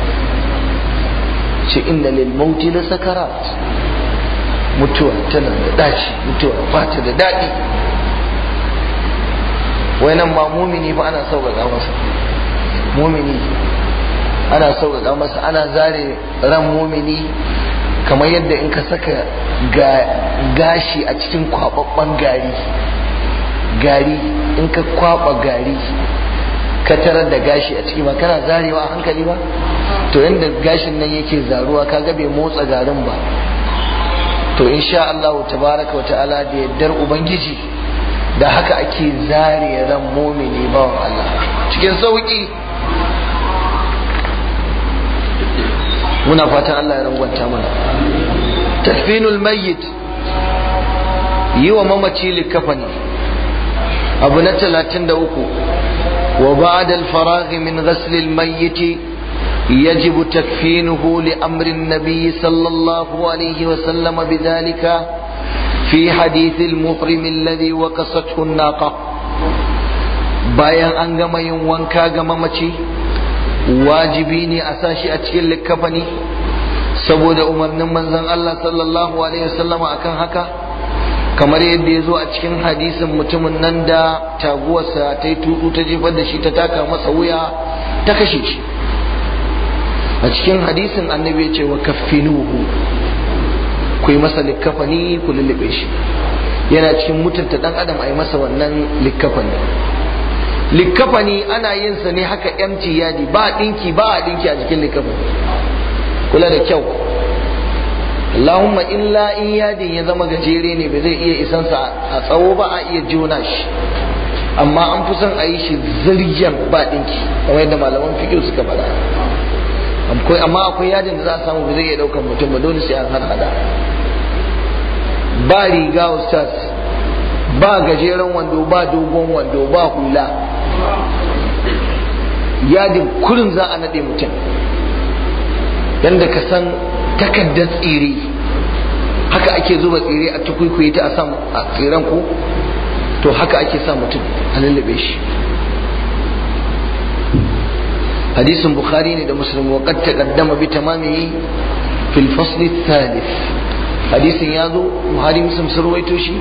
ce inna lil mauti la sakarat mutuwa tana da daci mutuwa ba ta da daɗi wai nan ba mumini ba ana sauƙaƙa masa mumini ana sauƙaƙa masa ana zare ran mumini kamar yadda in ka saka gashi a cikin kwababban gari gari in ka kwaba gari ka tarar da gashi a ciki ba kana zarewa hankali ba to yadda gashin nan yake zaruwa kaga bai motsa garin ba to insha Allah tabaraka wa ta'ala da yaddar ubangiji da haka ake zare ran mumini wa Allah cikin sauki muna fatan Allah ya rangwanta mana tadfinul mayyit yi wa mamaci likafani abu na talatin da uku wa ba'adal al-faragh min ghasl al-mayyit يجب تكفينه لأمر النبي صلى الله عليه وسلم بذلك في حديث المحرم الذي وقصته الناقة bayan an gama yin wanka ga mamaci wajibi ne a sa shi a cikin likkafani saboda umarnin manzan Allah sallallahu alaihi wasallama akan haka kamar yadda ya zo a cikin hadisin mutumin nan da taguwarsa ta yi tudu ta jefar da shi ta taka masa wuya ta kashe shi a cikin hadisin annabi ya ce wa kaffinuhu ku yi masa likkafani ku lullube shi yana cikin mutunta dan adam a yi masa wannan likkafani likafani ana yin sa ne haka yamci yadi ba dinki ba a dinki a jikin likafani kula da kyau Allahumma illa in yadin ya zama gajere ne ba zai iya isan sa a tsawo ba a iya jona shi amma an fi son a yi shi zirgin ba dinki kamar yadda malaman fiqh suka faɗa amma akwai yadin da za a samu ba zai iya daukan mutum ba dole sai an hada. ba riga ustaz ba gajeren wando ba dogon wando ba hula yadin kurin za a naɗe mutum yadda ka san takardar tsire haka ake zuba tsire a tukwikwiye ta a san a tsiren ku to haka ake sa mutum a lullube shi hadisin bukhari ne da muslim waƙar ta ƙaddama bi tamamihi fil fasl thalith hadisin ya zo buhari muslim sun rawaito shi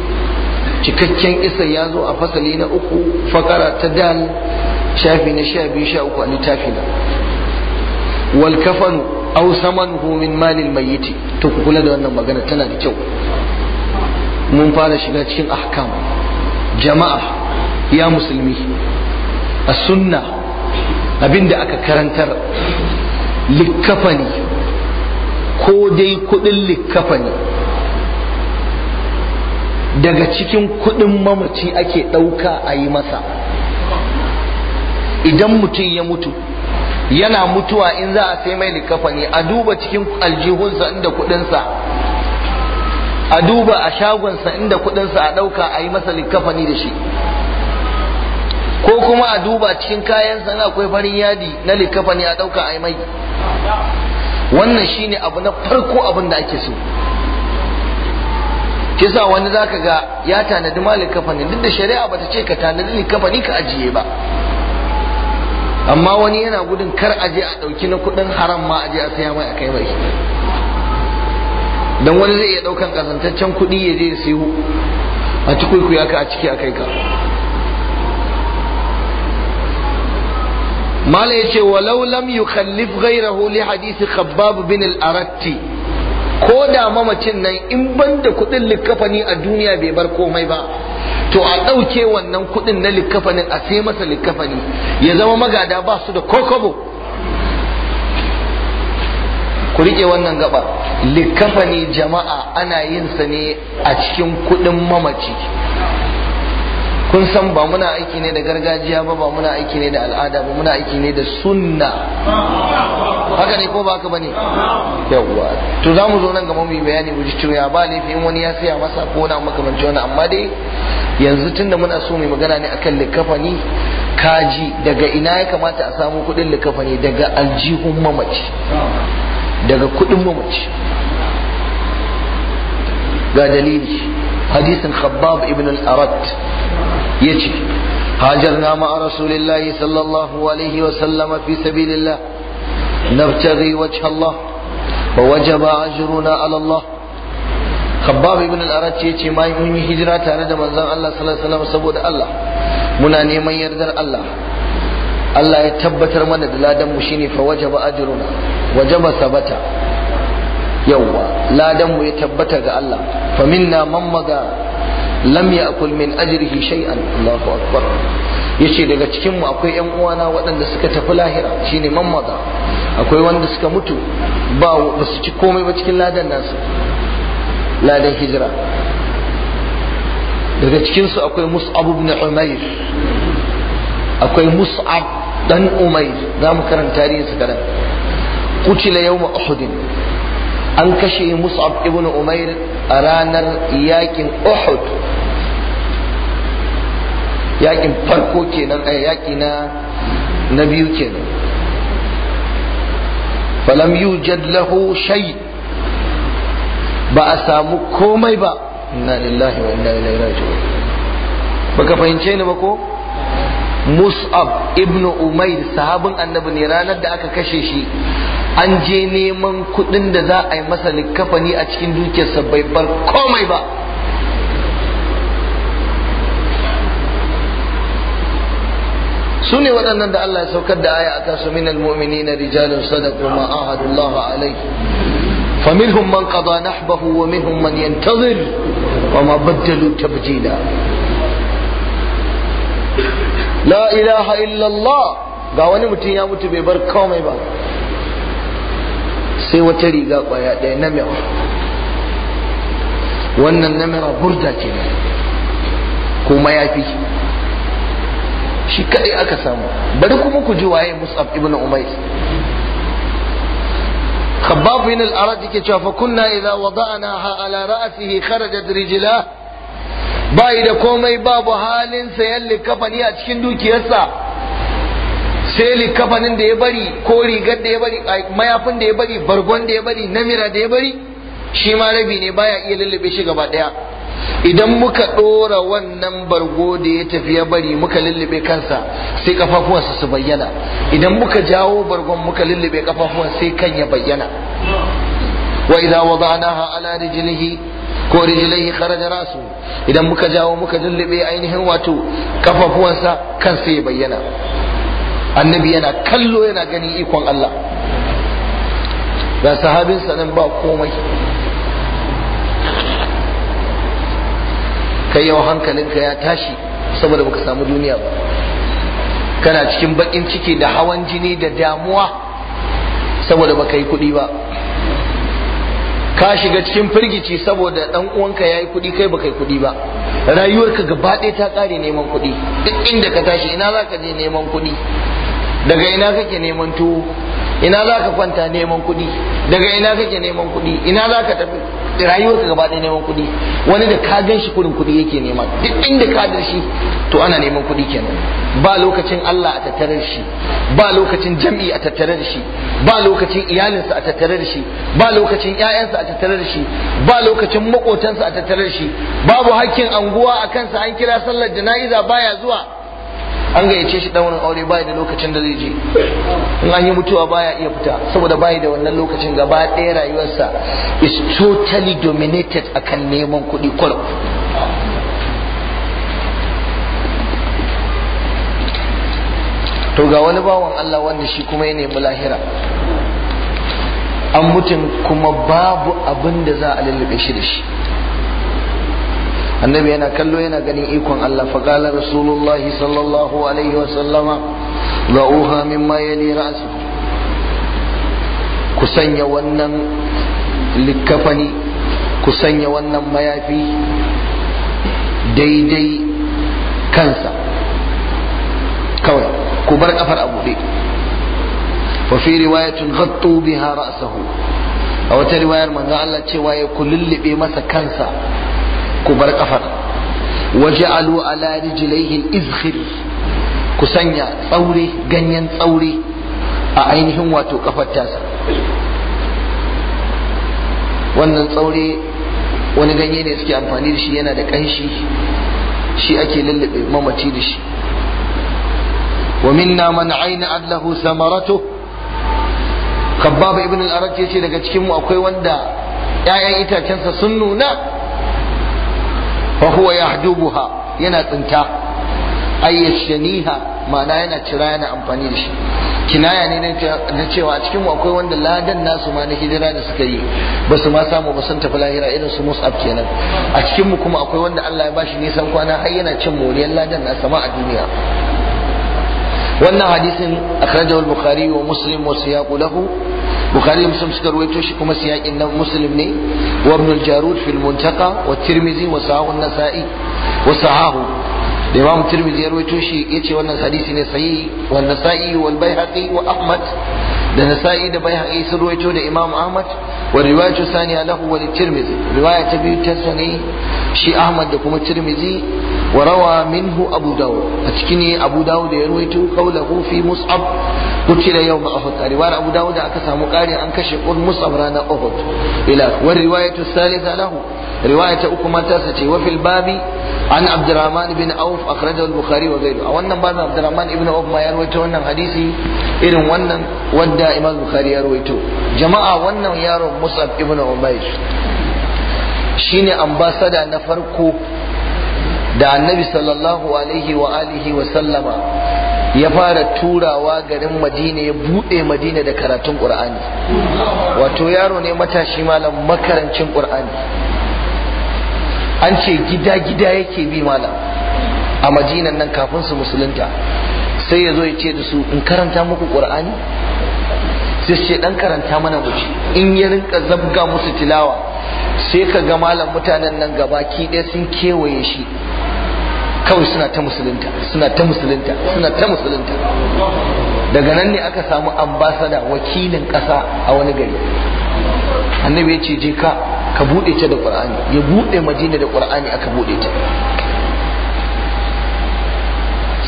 cikakken isa ya zo a fasali na uku fakara ta dal shafi na sha biyu sha uku a littafi na wal kafanu aw samanuhu min malil mayyiti to ku kula da wannan magana tana da kyau mun fara shiga cikin ahkam jama'a ya musulmi a sunna abinda aka karantar likkafani ko dai kudin likkafani daga cikin kuɗin mamaci ake ɗauka a yi masa idan mutum ya mutu yana mutuwa in za a sai mai likafani a duba cikin aljihunsa inda kudinsa a duba a shagonsa inda kudinsa a ɗauka a yi masa likafani da shi ko kuma a duba cikin kayansa na akwai farin yadi na likafani a ɗauka a yi mai wannan shine abu na farko abin da ake so kisa wani zaka ga ya tanadi malin kafani duk da shari'a bata ce ka tanadi kafani ka ajiye ba amma wani yana gudun kar aje a dauki na kudin haram ma aje a saya mai a kai dan wani zai iya daukan kasantaccen kudi ya je ya sayo a cikuku ya ka a ciki a ka mala yace walau lam yukhallif ghayrahu li hadith khabbab bin al-aratti ko da mamacin nan in ban da kuɗin likkafani a duniya bai bar komai ba to a ɗauke wannan kuɗin na likkafanin a sai masa likkafani ya zama magada ba su da kokobo ku riƙe wannan gaba likkafani jama'a ana yin sa ne a cikin kuɗin mamaci kun san ba muna aiki ne da gargajiya ba ba muna aiki ne da al'ada ba muna aiki ne da sunna haka ne ko ba haka bane yawa to zamu zo nan gaba mu bayani mu ji ya ba laifi in wani ya siya masa ko na makamanci wani amma dai yanzu tunda muna so mu magana ne akan likafani kaji daga ina ya kamata a samu kudin likafani daga aljihun mamaci daga kudin mamaci ga dalili hadisin khabbab ibn al-arat yace hajarna ma'a rasulillahi sallallahu alaihi wa sallama fi sabilillah nabtaghi wajha Allah wa wajaba ajruna ala Allah khabbab ibn al-arat yace mai mun yi hijira tare da manzon Allah sallallahu saboda Allah muna neman yardar Allah Allah ya tabbatar mana da ladan mu shine fa wajaba sabata yawwa ladan mu ya tabbata ga Allah fa minna man maga lam ya'kul min ajrihi shay'an Allahu akbar yace daga cikin mu akwai yan uwana waɗanda suka tafi lahira shine man maga akwai wanda suka mutu ba su ci komai ba cikin ladan nasu ladan hijira daga cikin su akwai Mus'ab ibn Umair akwai Mus'ab dan Umair zamu karanta tarihin su kadan qutila yawma Uhud an kashe mus'ab ibn umair a ranar yakin uhud yakin farko kenan a eh, yaki na na biyu kenan falam lahu shay ba a samu komai ba inna lillahi wa inna ilaihi raji'un baka fahimce ni ba ko mus'ab ibn umair sahabin annabi ne ranar da aka kashe shi an je neman kuɗin da za a yi masa likafani a cikin dukiyarsa bai bar komai ba su ne waɗannan da Allah ya saukar da aya a kasu minal mu'minina rijalun sadaqu ma ahadullah alayhi فمنهم من قضى نحبه ومنهم من ينتظر وما بدلوا تبديلا لا إله إلا الله ga wani mutum ya mutu bai bar komai ba sai wata riga kwaya ɗaya namira wannan namira burda ke ya fi shi kadai aka samu bari kuma ku ji waye mus'ab ibn umayr خباب بن الأرد كتشا فكنا إذا وضعناها على رأسه a رجلاه باي da komai babu halin sayan likafani a cikin dukiyarsa sai likafanin da ya bari ko rigar da ya bari mayafin da ya bari bargon da ya bari namira da ya bari shi ma rabi ne baya iya lullube shi gaba daya idan muka dora wannan bargo da ya tafi ya bari muka lullube kansa sai kafafuwansa su bayyana idan muka jawo bargon muka lullube kafafuwan sai kan ya bayyana wa idza wada'naha ala rijlihi ko rijlihi kharaja rasu idan muka jawo muka lullube ainihin wato kafafuwansa kan sai ya bayyana annabi yana kallo yana ganin ikon Allah ga sahabinsa nan ba komai kai yau hankalinka ya tashi saboda baka samu duniya ba kana cikin bakin ciki da hawan jini da damuwa saboda baka yi kuɗi ba ka shiga cikin firgici saboda dan uwanka yayi kuɗi kai baka yi kuɗi ba rayuwarka gaba ɗaya ta kare neman kuɗi duk inda ka tashi ina za ka je neman kuɗi daga ina kake neman tuwo ina za ka kwanta neman kuɗi daga ina kake neman kuɗi ina za ka tafi rayuwarka gaba ɗaya neman kuɗi wani da ka gan shi kuɗin kuɗi yake nema duk inda ka gan shi to ana neman kuɗi kenan ba lokacin Allah a tattare da shi ba lokacin jam'i a tattare da shi ba lokacin iyalinsa a tattare da shi ba lokacin ƴaƴansa a tattare da shi ba lokacin maƙotansa a tattare da shi babu hakkin anguwa a kansa an kira sallar jana'iza baya zuwa an gayyace shi wurin aure bai da lokacin da zai je in an yi mutuwa baya iya fita saboda bai da wannan lokacin gaba ɗaya rayuwarsa is totally dominated akan neman kuɗi kwal to ga wani bawan Allah wanda shi kuma ya nemi lahira an mutum kuma babu abin da za a lullube shi da shi annabi yana kallo yana ganin ikon Allah fa qala rasulullahi sallallahu alaihi wa sallama da'uha mimma yali ra'su ku sanya wannan likkafani ku sanya wannan mayafi daidai kansa kawai ku bar kafar a buɗe wa fi riwayatun ghattu biha ra'sahu a wata riwayar manzo Allah cewa ya ku lullube masa kansa ku bar kafar waj'alu ala rijlaihi izhir ku sanya tsaure ganyen tsaure a ainihin wato ƙafar tasa wannan tsaure wani ganye ne suke amfani da shi yana da ƙanshi shi ake lullube mamaci da shi wa minna man aina allahu samaratu kabbaba ibn al-arab yace daga cikin akwai wanda 'ya'yan itacensa sun nuna fa huwa yahjubuha yana tsinta ayyashaniha ma'ana yana cira yana amfani da shi kinaya ne na cewa a cikin akwai wanda ladan nasu ma na hijira da suka yi ba su ma samu ba sun tafi lahira irin su mus'ab kenan a cikinmu kuma akwai wanda Allah ya bashi nisan kwana har yana cin moriyar ladan nasa ma a duniya wannan hadisin akhrajahu al-bukhari wa muslim wa ya lahu bukhari muslim suka ruwaito shi kuma siyakin na muslim ne wa jarud fil muntaqa wa tirmizi wa sahahu nasai wa sahahu da imam tirmizi ya ruwaito shi ce wannan hadisi ne sahihi wa nasai wal baihaqi wa ahmad da nasa'i da bai su ruwaito da imam ahmad wa riwayatu saniya lahu wa tirmizi riwaya ta biyu ta sani shi ahmad da kuma tirmizi wa rawa minhu abu dawud a cikin ne abu dawud da ya ruwaito fi mus'ab yawm abu dawud da aka samu ƙari an kashe kun mus'ab ranar uhud ila wa riwayatu salisa lahu riwaya ta uku mata su ce wa fil babi an abdurrahman bin auf al-bukhari wa ghayru a wannan babin abdurrahman ibn auf ma ya rawaito wannan hadisi irin wannan wanda imam bukhari ya rawaito jama'a wannan yaron musab ibn umayr shine ambasada na farko da annabi sallallahu alaihi wa sallama ya fara turawa garin madina ya buɗe madina da karatun ƙur'ani wato yaro ne matashi malam makarancin ƙur'ani an ce gida gida yake bi malam a madinan nan kafin su musulunta sai ya zo ya ce da su in karanta muku qur'ani sai ce dan karanta mana muci in ya rinka zabga musu tilawa sai ka ga malam mutanen nan gaba ki ɗaya sun kewaye shi kawai suna ta musulunta suna ta musulunta suna ta musulunta daga nan ne aka samu ambasada wakilin ƙasa a wani gari annabi ya ce je ka ka buɗe ta da qur'ani ya bude madina da qur'ani aka bude ta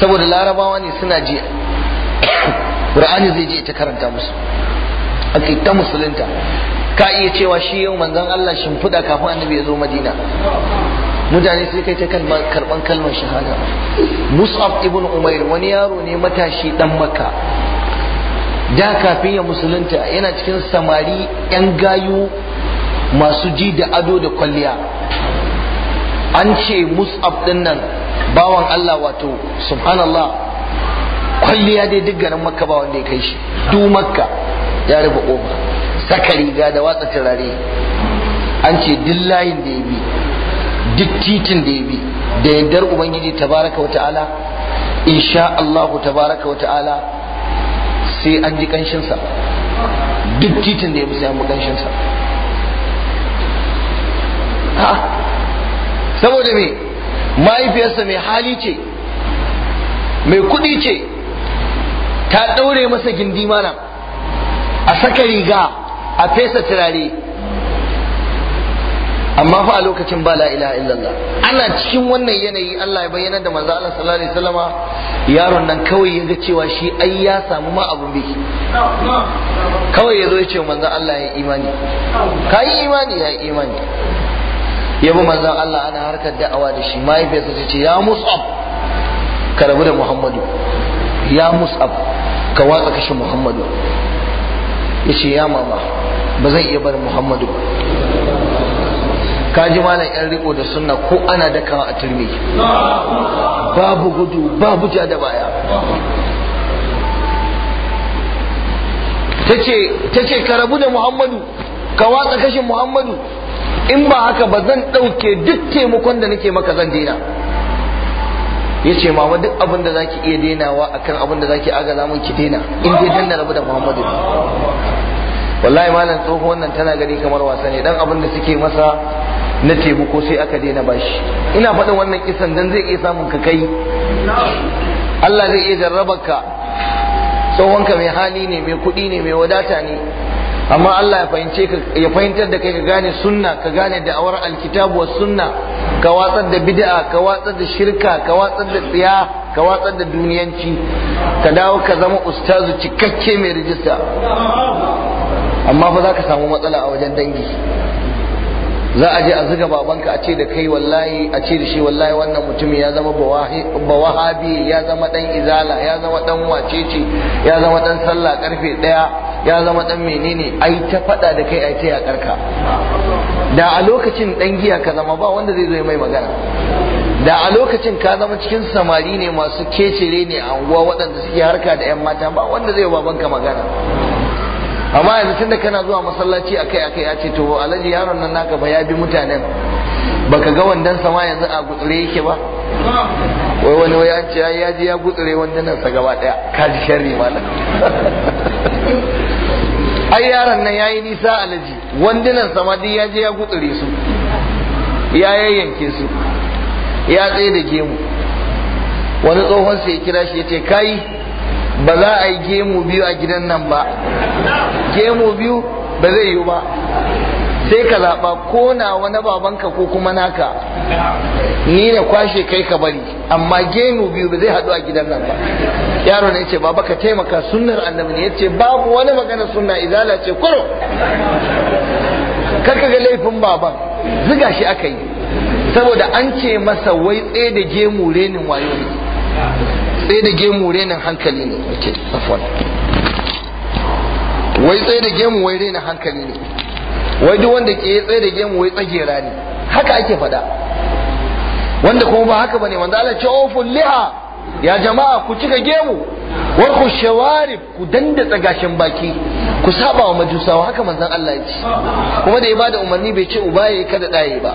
saboda larabawa ne suna ji qur'ani zai je ta karanta musu akai ta musulunta ka iya cewa shi yau manzon Allah shimfiɗa kafin annabi ya zo madina mutane sai kai ta karban kalmar shahada mus'ab ibn umair wani yaro ne matashi dan makka da kafin ya musulunta yana cikin samari yan gayu masu ji da ado da kwalliya an ce mus'ab din nan bawan Allah wato subhanallah kwalliya dai duk garin makka ba wanda ya kai shi du makka ya rufe kofa saka riga da watsa turare an ce duk layin da ya bi duk titin da ya bi da yardar ubangiji tabaraka wa ta'ala insha Allah tabaraka wa ta'ala sai an ji kanshin sa duk titin da ya bi sai an bi sa. saboda me mahaifiyarsa mai hali ce mai kuɗi ce ta ɗaure masa gindi mana a saka riga a fesa turare amma fa a lokacin ba la ilaha illallah ana cikin wannan yanayi Allah ya bayyana da manzo Allah sallallahu alaihi yaron nan kawai ya ga cewa shi ai ya samu ma abun biki kawai ya zo ya ce manzo Allah ya imani ka yi imani ya yi imani ya bi manzon Allah ana harkar da'awa da shi mahaifiyarsa ce ya mus'ab ka rabu da muhammadu ya mus'ab ka watsa kashin muhammadu ya ce ya mama ba zan iya barin muhammadu ka ji malam yan riko da sunna ko ana dakawa a turmi babu gudu babu ja da baya ta ce ka rabu da muhammadu ka watsa kashin muhammadu in ba haka ba zan ɗauke duk taimakon da nake maka zan daina ya ce mama duk abin da zaki iya dainawa akan abin da zaki agaza mun ki daina in dai dan na rabu da Muhammadu wallahi malam tsoho wannan tana gani kamar wasa ne dan abin da suke masa na taimako sai aka daina bashi ina faɗin wannan kisan dan zai iya samun ka kai Allah zai iya jarrabarka tsohonka mai hali ne mai kuɗi ne mai wadata ne amma Allah ya fahimce ka ya fahimtar da kai ka gane sunna ka gane da awar alkitabu was sunna ka watsar da bid'a ka watsar da shirka ka watsar da tsiya ka watsar da duniyanci ka dawo ka zama ustazu cikakke mai rijista amma fa za ka samu matsala a wajen dangi za a je a zuga babanka a ce da kai wallahi a ce da shi wallahi wannan mutumin ya zama bawahabi ya zama dan izala ya zama dan wacece ya zama dan sallah karfe daya ya zama dan menene ai ta fada da kai ai ta ka? da a lokacin dan giya ka zama ba wanda zai zo mai magana da a lokacin ka zama cikin samari ne masu kecere ne a unguwa waɗanda suke harka da 'yan mata ba wanda zai babanka magana amma yanzu tunda kana zuwa masallaci akai akai ya ce to alhaji yaron nan naka ba ya bi mutanen baka ga wandan sama yanzu a gutsure yake ba wai wani wai an ce ya ji ya gutsure wandan sa gaba daya ka ji sharri malam ai yaron nan yayi nisa alaji wandunan samadi ya je ya gutsure su ya yayyanke su ya tsaye da gemu wani tsohon sai ya kira shi ya ce kai ba za a yi gemu biyu a gidan nan ba gemu biyu ba zai yi ba sai ka zaɓa ko na wani babanka ko kuma naka ni na kwashe kai ka bari amma gemu biyu ba zai haɗu a gidan nan ba yaro ne ce baba ka taimaka sunnar annabi ne ya ce babu wani magana sunna izala ce kuro ka ga laifin baban ziga shi aka yi saboda an ce masa wai tsaye da gemu renin wayo ne tsaye da gemu renin hankali ne wai tsaye da gemu wai renin hankali ne wai duk wanda ke tsaye da gemu wai tsagera ne haka ake faɗa wanda kuma ba haka bane wanda Allah ce o oh, liha ya jama'a ku cika gemu wa ku shawarif ku danda tsagashin baki ku saba wa majusawa haka manzon Allah ya ce kuma da ya bada umarni bai ce uba yayi kada da yayi ba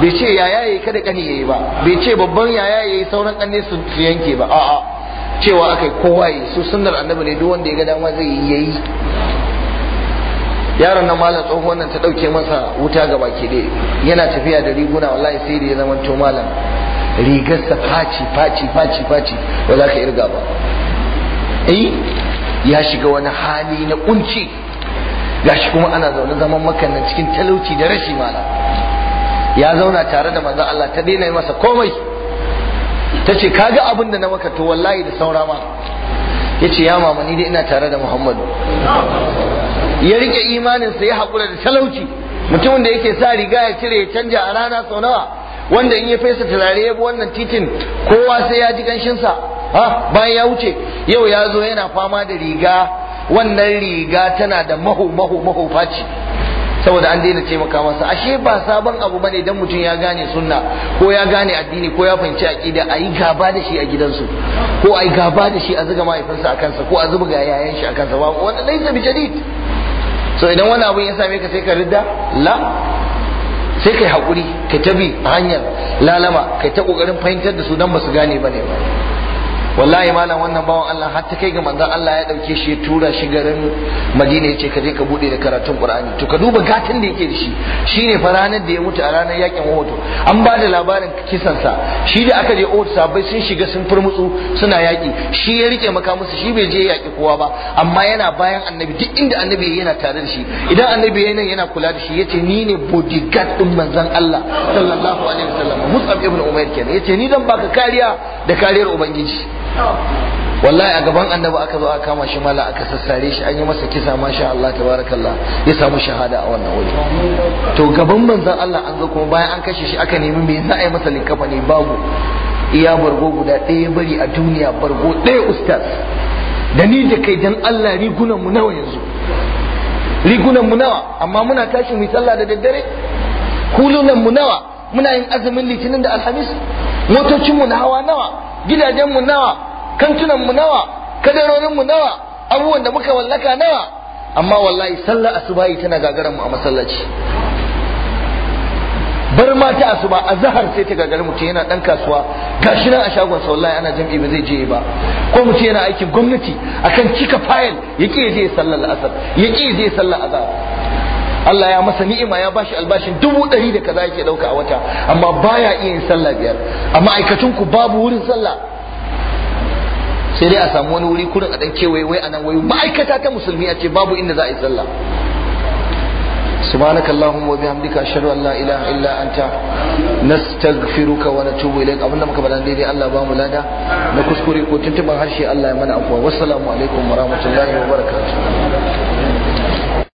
bai ce yaya yayi kada kani yayi ba bai ce babban yaya yayi sauran kanne su yanke ba a'a cewa akai kowa yi su sunnar annabi ne duk wanda ya ga dama zai yi yayi yaron nan malam tsohon nan ta dauke masa wuta ga baki dai yana tafiya da riguna wallahi sai da ya zama to malam rigarsa faci faci faci faci ba za ka irga ba eh ya shiga wani hali na kunci gashi kuma ana zaune zaman makannan cikin talauci da rashi malam ya zauna tare da manzo Allah ta daina masa komai tace ce kaga abin da na maka to wallahi da saura ma ya ce ya mama dai ina tare da Muhammadu ya rike imaninsa ya haƙura da talauci mutumin da yake sa riga ya cire ya canja a rana sau nawa wanda in ya fesa turare ya bi wannan titin kowa sai ya ji ganshinsa ha bayan ya wuce yau ya zo yana fama da riga wannan riga tana da maho maho maho faci saboda an daina taimaka masa ashe ba sabon abu bane dan mutum ya gane sunna ko ya gane addini ko ya fahimci aqida a yi gaba da shi a gidansu ko a yi gaba da shi a zuga mahaifinsa a kansa ko a zuga yayan shi a kansa ba wanda laysa bi jadid so idan wani abu ya same ka sai ka ridda la sai kai hakuri ka tabi hanyar lalama kai ta kokarin fahimtar da su dan ba su gane bane ba wallahi malam wannan bawan Allah har ta kai ga manzon Allah ya dauke shi ya tura shi garin Madina ya ce ka je ka bude da karatun Qur'ani to ka duba gatan da yake da shi shine fa ranar da ya mutu a ranar yakin Uhud an ba da labarin kisan sa shi da aka je Uhud sabai sun shiga sun furmutsu suna yaki shi ya rike makamusu shi bai je yaki kowa ba amma yana bayan annabi duk inda annabi yana tare da shi idan annabi yana yana kula da shi yace ni ne bodyguard din manzon Allah sallallahu alaihi wasallam Mus'ab ibn Umair kenan yace ni dan baka kariya da kariyar ubangiji wallahi a gaban annabi aka zo aka kama shi mala aka sassare shi an yi masa kisa masha Allah tabarakallah ya samu shahada a wannan wuri to gaban manzon Allah an zo kuma bayan an kashe shi aka nemi me za a yi masa likafa ne babu iya bargo guda ɗaya bari a duniya bargo ɗaya ustaz da ni da kai dan Allah rigunan mu nawa yanzu rigunan mu nawa amma muna tashi mu sallah da daddare Kulunan mu nawa muna yin azumin litinin da alhamis motocinmu na hawa nawa gidajenmu nawa kantunanmu nawa kadarorinmu nawa abubuwan da muka wallaka nawa amma wallahi sallar yi tana gagaranmu a masallaci bar ma ta asuba a zahar sai ta gagari mutum yana dan kasuwa gashi nan a shagon sa wallahi ana jam'i ba zai je ba ko mutum yana aikin gwamnati akan cika fayil ya ki je sallar asar ya je sallar azhar Allah ya masa ni'ima ya bashi albashin dubu ɗari da kaza yake ɗauka a wata amma baya iya yin sallah biyar amma aikatun ku babu wurin sallah sai dai a samu wani wuri kurin a ɗan kewaye wai anan wai ma'aikata ta musulmi a ce babu inda za a yi sallah سبحانك اللهم وبحمدك اشهد ان لا اله الا انت نستغفرك ونتوب اليك abinda muka faɗa daidai Allah bamu lada na kuskure ko tuntuban harshe Allah ya mana afwa wassalamu alaikum warahmatullahi wabarakatuh